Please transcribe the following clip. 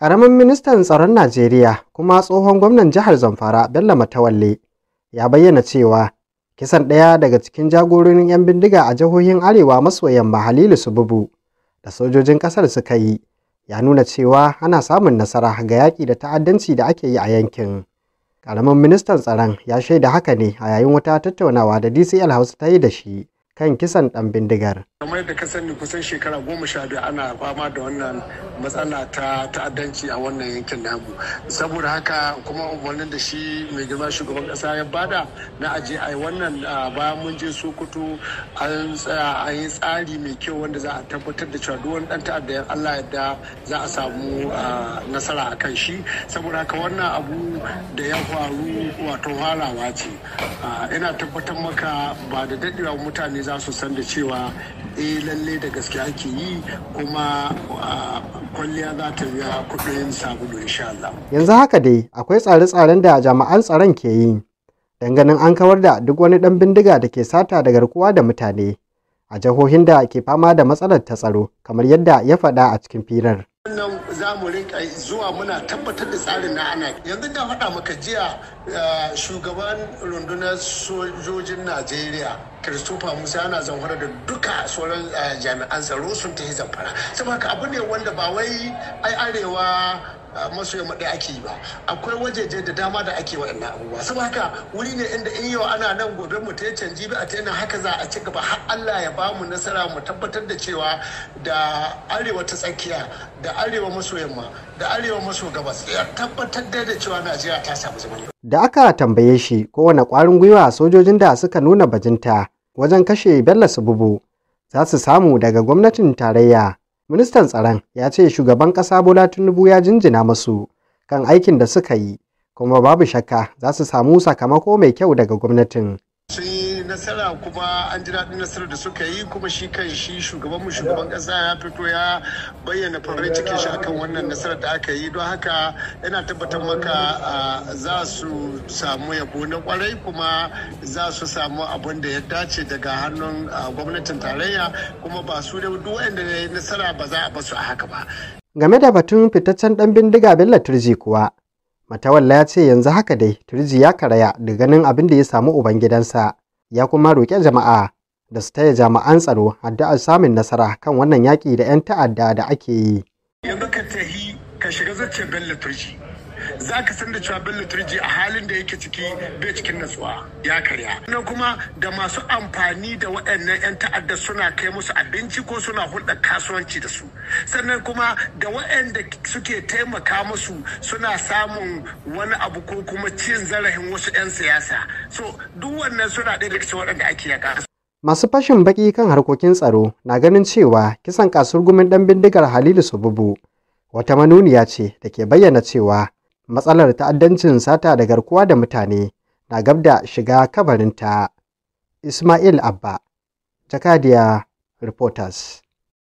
Ƙaramin ministan tsaron Najeriya kuma tsohon gwamnan jihar Zamfara Bello Matawalle ya bayyana cewa kisan ɗaya daga cikin jagororin 'yan bindiga a jihohin Arewa maso yamma Halilu Sububu da sojojin ƙasar suka yi ya nuna cewa ana samun nasara ga yaƙi da ta'addanci da ake yi a yankin. Ƙaramin ministan tsaron ya shaida haka ne a yayin wata tattaunawa da DCL Hausa ta yi da shi. kan kisan ɗan bindigar. kamar yadda ka sani kusan shekara goma sha biyu ana fama da wannan matsala ta ta'addanci a wannan yankin namu saboda haka kuma umarnin da shi mai girma shugaban kasa ya bada na aje ai wannan bayan mun je sokoto an tsaya an yi tsari mai kyau wanda za a tabbatar da cewa duk wani dan ta'adda ya Allah yadda za a samu nasara a kan shi saboda haka wannan abu da ya faru wato halawa ce ina tabbatar maka ba da daɗewa mutane za su san da cewa eh lalle da gaske ake yi kuma kwalliya za ta biya kudin sabulu insha Allah. Yanzu haka dai akwai tsare-tsaren da jami'an tsaron ke yi ganin an kawar da duk wani ɗan bindiga da ke sata da garkuwa da mutane a jihohin da ke fama da matsalar ta tsaro kamar yadda ya faɗa a cikin firar. nan za mu rinka zuwa muna tabbatar da tsarin na ana yanzu da faɗa maka jiya eh, shugaban rundunar sojojin najeriya christopher musa yana zamfara da duka sauran eh, jami'an tsaro sun yi zamfara saboda abu ne wanda ba wai ai arewa masoyan mu ɗaya ake yi ba akwai wajeje da dama da ake waɗannan abubuwa saboda haka wuri ne inda in yau ana nan gobe mu ta canji bi a ta yana haka za a ci gaba har Allah ya ba mu nasara mu tabbatar da cewa da arewa ta tsakiya da arewa maso yamma da arewa maso gabas ya tabbatar da da cewa Najeriya ta samu zaman da aka tambaye shi kowane kwarin gwiwa sojojin da suka nuna bajinta wajen kashe Bello Sububu za su samu daga gwamnatin tarayya Ministan tsaron ya ce shugaban ƙasa Bola Tinubu ya jinjina masu kan aikin da suka yi kuma babu shakka za su samu sakamako mai kyau daga gwamnatin. nasara kuma an ji daɗin nasarar da suka yi kuma shi kan shi shugaban mu shugaban ƙasa ya fito ya bayyana farin cikin shi akan wannan nasarar da aka yi don haka yana tabbatar maka za su samu yabo na kwarai kuma za su samu abin da ya dace daga hannun gwamnatin tarayya kuma ba su da duk wanda ya yi nasara ba za a basu a haka ba. Game da batun fitaccen dan bindiga Bello Turji kuwa, Matawalla ya ce yanzu haka dai Turji ya karaya da ganin abin da ya samu Ubangidansa. ya kuma roƙe jama'a da su taya jami'an tsaro addu'ar samun nasara kan wannan yaƙi da 'yan ta'adda da ake yi. Yanzu ka tahi ka shiga zaccen za ka san da cewa Bello Turji a halin da yake ciki bai cikin natsuwa ya karya. Sannan kuma da masu amfani da waɗannan 'yan ta'adda suna kai musu abinci ko suna hulɗa kasuwanci da su. Sannan kuma da waɗanda suke taimaka musu suna samun wani abu ko kuma cin zarafin wasu 'yan siyasa. So duk wannan suna ɗaya daga cikin waɗanda ake yaka Masu fashin baƙi kan harkokin tsaro na ganin cewa kisan gumin ɗan bindigar Halilu Sububu wata manuniya ce da ke bayyana cewa matsalar ta'addancin sata da garkuwa da mutane na gabda da shiga kabarinta. Ismail Abba, Jakadiya Reporters.